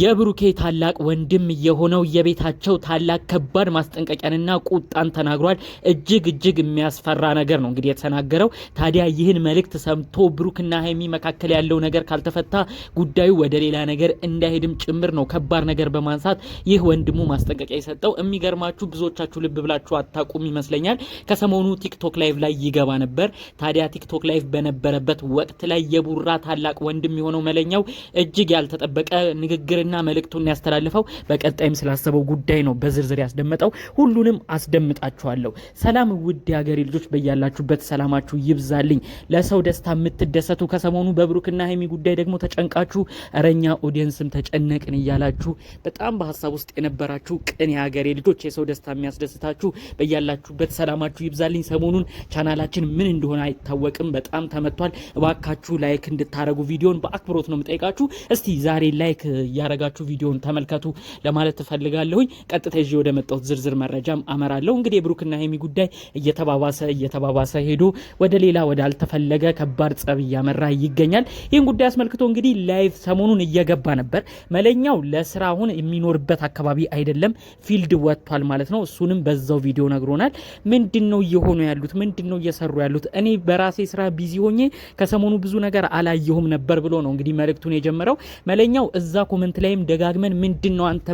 የብሩኬ ታላቅ ወንድም የሆነው የቤታቸው ታላቅ ከባድ ማስጠንቀቂያንና ቁጣን ተናግሯል። እጅግ እጅግ የሚያስፈራ ነገር ነው እንግዲህ የተናገረው። ታዲያ ይህን መልእክት ሰምቶ ብሩክና ሀይሚ መካከል ያለው ነገር ካልተፈታ ጉዳዩ ወደ ሌላ ነገር እንዳይሄድም ጭምር ነው ከባድ ነገር በማንሳት ይህ ወንድሙ ማስጠንቀቂያ የሰጠው። የሚገርማችሁ ብዙዎቻችሁ ልብ ብላችሁ አታቁም ይመስለኛል። ከሰሞኑ ቲክቶክ ላይቭ ላይ ይገባ ነበር። ታዲያ ቲክቶክ ላይቭ በነበረበት ወቅት ላይ የቡራ ታላቅ ወንድም የሆነው መለኛው እጅግ ያልተጠበቀ ንግግር ትናንትና መልእክቱን ያስተላልፈው በቀጣይም ስላሰበው ጉዳይ ነው በዝርዝር ያስደመጠው። ሁሉንም አስደምጣችኋለሁ። ሰላም ውድ የሀገሬ ልጆች፣ በያላችሁበት ሰላማችሁ ይብዛልኝ። ለሰው ደስታ የምትደሰቱ ከሰሞኑ በብሩክና ሀይሚ ጉዳይ ደግሞ ተጨንቃችሁ እረኛ ኦዲየንስም ተጨነቅን እያላችሁ በጣም በሀሳብ ውስጥ የነበራችሁ ቅን የሀገሬ ልጆች፣ የሰው ደስታ የሚያስደስታችሁ በያላችሁበት ሰላማችሁ ይብዛልኝ። ሰሞኑን ቻናላችን ምን እንደሆነ አይታወቅም፣ በጣም ተመቷል። እባካችሁ ላይክ እንድታረጉ ቪዲዮን በአክብሮት ነው የምጠይቃችሁ። እስቲ ዛሬ ላይክ እያረ ካላረጋችሁ ቪዲዮን ተመልከቱ ለማለት ትፈልጋለሁኝ። ቀጥታ ይዤ ወደ መጣሁት ዝርዝር መረጃም አመራለሁ። እንግዲህ የብሩክና ሀይሚ ጉዳይ እየተባባሰ እየተባባሰ ሄዶ ወደ ሌላ ወደ አልተፈለገ ከባድ ጸብ እያመራ ይገኛል። ይህን ጉዳይ አስመልክቶ እንግዲህ ላይቭ ሰሞኑን እየገባ ነበር። መለኛው ለስራ አሁን የሚኖርበት አካባቢ አይደለም ፊልድ ወጥቷል ማለት ነው። እሱንም በዛው ቪዲዮ ነግሮናል። ምንድን ነው እየሆኑ ያሉት? ምንድን ነው እየሰሩ ያሉት? እኔ በራሴ ስራ ቢዚ ሆኜ ከሰሞኑ ብዙ ነገር አላየሁም ነበር ብሎ ነው እንግዲህ መልእክቱን የጀመረው። መለኛው እዛ ኮመንት ላይም ደጋግመን ምንድን ነው አንተ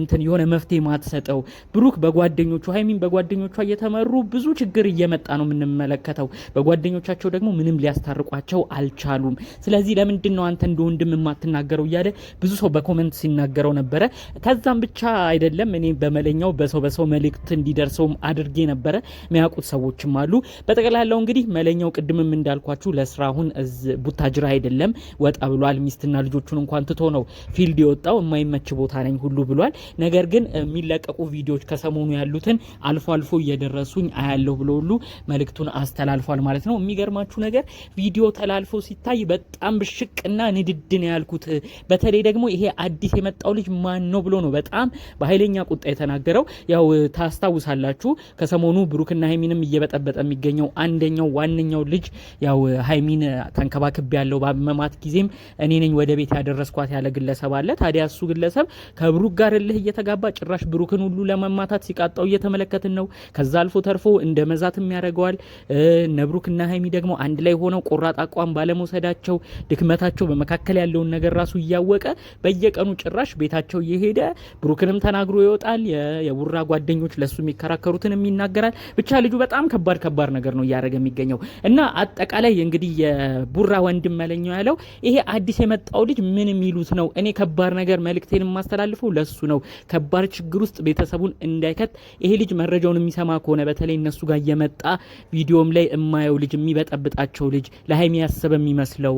እንትን የሆነ መፍትሄ ማትሰጠው? ብሩክ በጓደኞቹ ሀይሚን በጓደኞቿ እየተመሩ ብዙ ችግር እየመጣ ነው የምንመለከተው። በጓደኞቻቸው ደግሞ ምንም ሊያስታርቋቸው አልቻሉም። ስለዚህ ለምንድን ነው አንተ እንደ ወንድም የማትናገረው እያለ ብዙ ሰው በኮመንት ሲናገረው ነበረ። ከዛም ብቻ አይደለም እኔ በመለኛው በሰው በሰው መልእክት እንዲደርሰውም አድርጌ ነበረ። የሚያውቁት ሰዎችም አሉ። በጠቅላላው እንግዲህ መለኛው ቅድምም እንዳልኳችሁ ለስራ አሁን ቡታጅራ አይደለም ወጣ ብሏል። ሚስትና ልጆቹን እንኳን ትቶ ነው ፊልድ የወጣው የማይመች ቦታ ነኝ ሁሉ ብሏል። ነገር ግን የሚለቀቁ ቪዲዮዎች ከሰሞኑ ያሉትን አልፎ አልፎ እየደረሱኝ አያለሁ ብሎ ሁሉ መልእክቱን አስተላልፏል ማለት ነው። የሚገርማችሁ ነገር ቪዲዮ ተላልፎ ሲታይ በጣም ብሽቅና ንድድን ያልኩት በተለይ ደግሞ ይሄ አዲስ የመጣው ልጅ ማን ነው ብሎ ነው በጣም በኃይለኛ ቁጣ የተናገረው። ያው ታስታውሳላችሁ ከሰሞኑ ብሩክና ሀይሚንም እየበጠበጠ የሚገኘው አንደኛው ዋነኛው ልጅ ያው ሀይሚን ተንከባክቤ ያለው በመማት ጊዜም እኔ ነኝ ወደ ቤት ያደረስኳት ያለ ግለሰብ አለ። ታዲያ እሱ ግለሰብ ከብሩክ ጋር እልህ እየተጋባ ጭራሽ ብሩክን ሁሉ ለመማታት ሲቃጣው እየተመለከትን ነው። ከዛ አልፎ ተርፎ እንደ መዛትም ያደርገዋል። እነ ብሩክና ሀይሚ ደግሞ አንድ ላይ ሆነው ቆራጥ አቋም ባለመውሰዳቸው ድክመታቸው፣ በመካከል ያለውን ነገር ራሱ እያወቀ በየቀኑ ጭራሽ ቤታቸው እየሄደ ብሩክንም ተናግሮ ይወጣል። የቡራ ጓደኞች ለሱ የሚከራከሩትንም ይናገራል። ብቻ ልጁ በጣም ከባድ ከባድ ነገር ነው እያደረገ የሚገኘው እና አጠቃላይ እንግዲህ የቡራ ወንድም መለኛው ያለው ይሄ አዲስ የመጣው ልጅ ምን የሚሉት ነው እኔ ከባድ ነገር መልእክቴን የማስተላልፈው ለሱ ነው። ከባድ ችግር ውስጥ ቤተሰቡን እንዳይከት ይሄ ልጅ መረጃውን የሚሰማ ከሆነ በተለይ እነሱ ጋር የመጣ ቪዲዮም ላይ የማየው ልጅ የሚበጠብጣቸው ልጅ ለሀይሚ ያሰበ የሚመስለው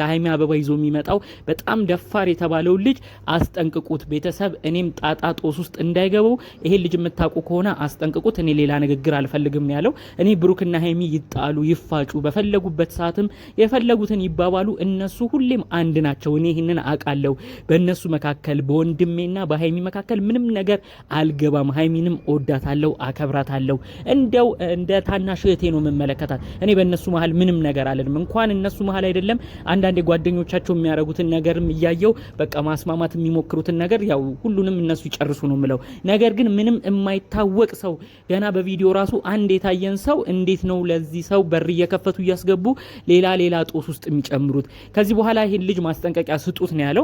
ለሀይሚ አበባ ይዞ የሚመጣው በጣም ደፋር የተባለው ልጅ አስጠንቅቁት ቤተሰብ። እኔም ጣጣ ጦስ ውስጥ እንዳይገቡ ይሄን ልጅ የምታውቁ ከሆነ አስጠንቅቁት። እኔ ሌላ ንግግር አልፈልግም ያለው እኔ ብሩክና ሀይሚ ይጣሉ ይፋጩ፣ በፈለጉበት ሰዓትም የፈለጉትን ይባባሉ። እነሱ ሁሌም አንድ ናቸው። እኔ ይህንን አቃ አውቃለሁ። በእነሱ መካከል በወንድሜና በሀይሚ መካከል ምንም ነገር አልገባም። ሀይሚንም እወዳታለሁ፣ አከብራታለሁ። እንደው እንደ ታናሽ እህቴ ነው የምመለከታት። እኔ በእነሱ መሀል ምንም ነገር አለንም። እንኳን እነሱ መሀል አይደለም አንዳንድ ጓደኞቻቸው የሚያደርጉትን ነገርም እያየው በቃ ማስማማት የሚሞክሩትን ነገር ያው ሁሉንም እነሱ ይጨርሱ ነው ምለው። ነገር ግን ምንም የማይታወቅ ሰው ገና በቪዲዮ ራሱ አንድ የታየን ሰው እንዴት ነው ለዚህ ሰው በር እየከፈቱ እያስገቡ ሌላ ሌላ ጦስ ውስጥ የሚጨምሩት? ከዚህ በኋላ ይህን ልጅ ማስጠንቀቂያ ስጡት ነው ያለው።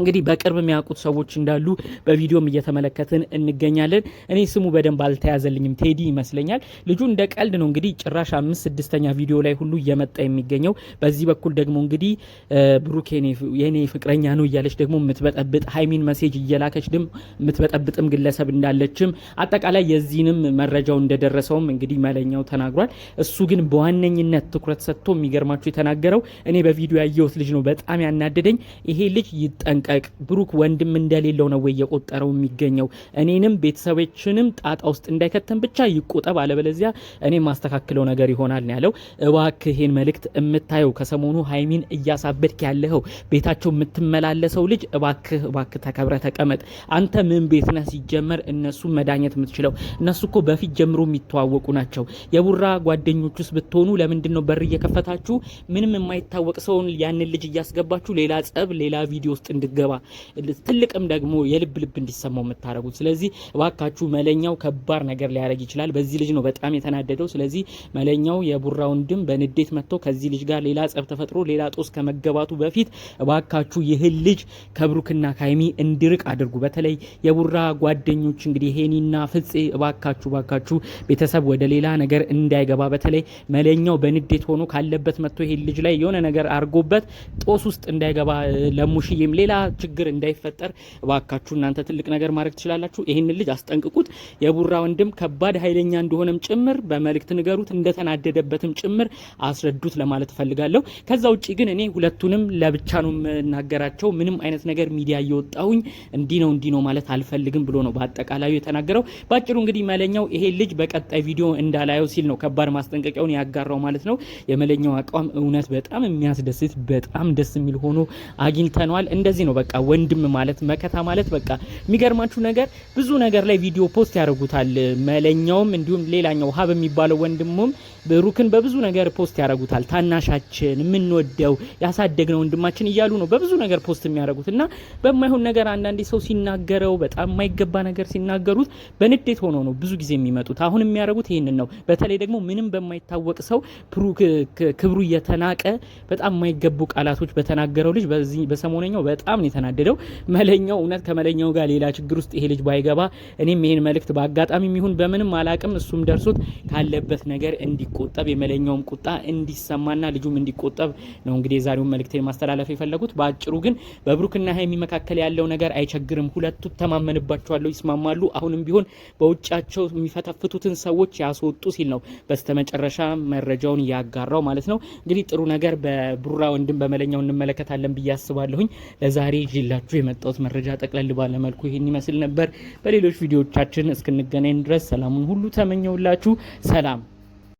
እንግዲህ በቅርብ የሚያውቁት ሰዎች እንዳሉ በቪዲዮም እየተመለከትን እንገኛለን። እኔ ስሙ በደንብ አልተያዘልኝም፣ ቴዲ ይመስለኛል። ልጁ እንደ ቀልድ ነው እንግዲህ ጭራሽ አምስት ስድስተኛ ቪዲዮ ላይ ሁሉ እየመጣ የሚገኘው። በዚህ በኩል ደግሞ እንግዲህ ብሩክ የኔ ፍቅረኛ ነው እያለች ደግሞ የምትበጠብጥ ሀይሚን መሴጅ እየላከች ድም የምትበጠብጥም ግለሰብ እንዳለችም አጠቃላይ የዚህንም መረጃው እንደደረሰውም እንግዲህ መለኛው ተናግሯል። እሱ ግን በዋነኝነት ትኩረት ሰጥቶ የሚገርማቸው የተናገረው እኔ በቪዲዮ ያየሁት ልጅ ነው በጣም ያናደደኝ ይሄ ልጅ ይጠንቅ መጠንቀቅ ብሩክ ወንድም እንደሌለው ነው ወይ የቆጠረው የሚገኘው? እኔንም ቤተሰቦችንም ጣጣ ውስጥ እንዳይከተን ብቻ ይቆጠብ፣ አለበለዚያ እኔ ማስተካክለው ነገር ይሆናል ያለው። እባክህ ይሄን መልእክት የምታየው ከሰሞኑ ሀይሚን እያሳበድክ ያለኸው ቤታቸው የምትመላለሰው ልጅ እባክህ እባክህ ተከብረ ተቀመጥ። አንተ ምን ቤት ነህ ሲጀመር? እነሱ መዳኘት የምትችለው እነሱ እኮ በፊት ጀምሮ የሚተዋወቁ ናቸው። የቡራ ጓደኞች ውስጥ ብትሆኑ ለምንድን ነው በር እየከፈታችሁ ምንም የማይታወቅ ሰውን ያንን ልጅ እያስገባችሁ ሌላ ጸብ፣ ሌላ ቪዲዮ ውስጥ እንድ እንድትገባ ትልቅም ደግሞ የልብ ልብ እንዲሰማው የምታደረጉት። ስለዚህ እባካችሁ መለኛው ከባድ ነገር ሊያደርግ ይችላል። በዚህ ልጅ ነው በጣም የተናደደው። ስለዚህ መለኛው የቡራ ወንድም በንዴት መጥቶ ከዚህ ልጅ ጋር ሌላ ጸብ ተፈጥሮ ሌላ ጦስ ከመገባቱ በፊት እባካችሁ ይህን ልጅ ከብሩክና ካይሚ እንዲርቅ አድርጉ። በተለይ የቡራ ጓደኞች እንግዲህ ሄኒና ፍጼ እባካችሁ እባካችሁ ቤተሰብ ወደ ሌላ ነገር እንዳይገባ በተለይ መለኛው በንዴት ሆኖ ካለበት መጥቶ ይሄን ልጅ ላይ የሆነ ነገር አድርጎበት ጦስ ውስጥ እንዳይገባ ለሙሽዬም ሌላ ችግር እንዳይፈጠር እባካችሁ እናንተ ትልቅ ነገር ማድረግ ትችላላችሁ። ይህን ልጅ አስጠንቅቁት። የቡራ ወንድም ከባድ ኃይለኛ እንደሆነም ጭምር በመልእክት ንገሩት፣ እንደተናደደበትም ጭምር አስረዱት ለማለት እፈልጋለሁ። ከዛ ውጭ ግን እኔ ሁለቱንም ለብቻ ነው የምናገራቸው። ምንም አይነት ነገር ሚዲያ እየወጣሁኝ እንዲህ ነው እንዲህ ነው ማለት አልፈልግም ብሎ ነው በአጠቃላዩ የተናገረው። ባጭሩ እንግዲህ መለኛው ይሄ ልጅ በቀጣይ ቪዲዮ እንዳላየው ሲል ነው ከባድ ማስጠንቀቂያውን ያጋራው ማለት ነው። የመለኛው አቋም እውነት በጣም የሚያስደስት በጣም ደስ የሚል ሆኖ አግኝተነዋል። እንደዚህ ነው በቃ ወንድም ማለት መከታ ማለት በቃ የሚገርማችሁ ነገር ብዙ ነገር ላይ ቪዲዮ ፖስት ያደርጉታል። መለኛውም እንዲሁም ሌላኛው ሀብ የሚባለው ወንድሙም ብሩክን በብዙ ነገር ፖስት ያደረጉታል። ታናሻችን የምንወደው ያሳደግነው ወንድማችን እያሉ ነው በብዙ ነገር ፖስት የሚያደረጉት እና በማይሆን ነገር አንዳንዴ ሰው ሲናገረው በጣም የማይገባ ነገር ሲናገሩት በንዴት ሆኖ ነው ብዙ ጊዜ የሚመጡት። አሁን የሚያደርጉት ይህንን ነው። በተለይ ደግሞ ምንም በማይታወቅ ሰው ክብሩ እየተናቀ በጣም የማይገቡ ቃላቶች በተናገረው ልጅ በሰሞነኛው በጣም ነው የተናደደው። መለኛው እውነት ከመለኛው ጋር ሌላ ችግር ውስጥ ይሄ ልጅ ባይገባ እኔም ይህን መልእክት በአጋጣሚ ይሁን በምንም አላቅም እሱም ደርሶት ካለበት ነገር እንዲ እንዲቆጠብ የመለኛውም ቁጣ እንዲሰማና ልጁም እንዲቆጠብ ነው እንግዲህ የዛሬውን መልእክት ማስተላለፍ የፈለጉት። በአጭሩ ግን በብሩክና ሀይሚ መካከል ያለው ነገር አይቸግርም። ሁለቱ ተማመንባቸዋለሁ፣ ይስማማሉ። አሁንም ቢሆን በውጫቸው የሚፈተፍቱትን ሰዎች ያስወጡ ሲል ነው በስተመጨረሻ መረጃውን ያጋራው ማለት ነው። እንግዲህ ጥሩ ነገር በብሩራ ወንድም በመለኛው እንመለከታለን ብዬ አስባለሁኝ። ለዛሬ ይዤላችሁ የመጣሁት መረጃ ጠቅለል ባለመልኩ ይህን ይመስል ነበር። በሌሎች ቪዲዮዎቻችን እስክንገናኝ ድረስ ሰላሙን ሁሉ ተመኘውላችሁ። ሰላም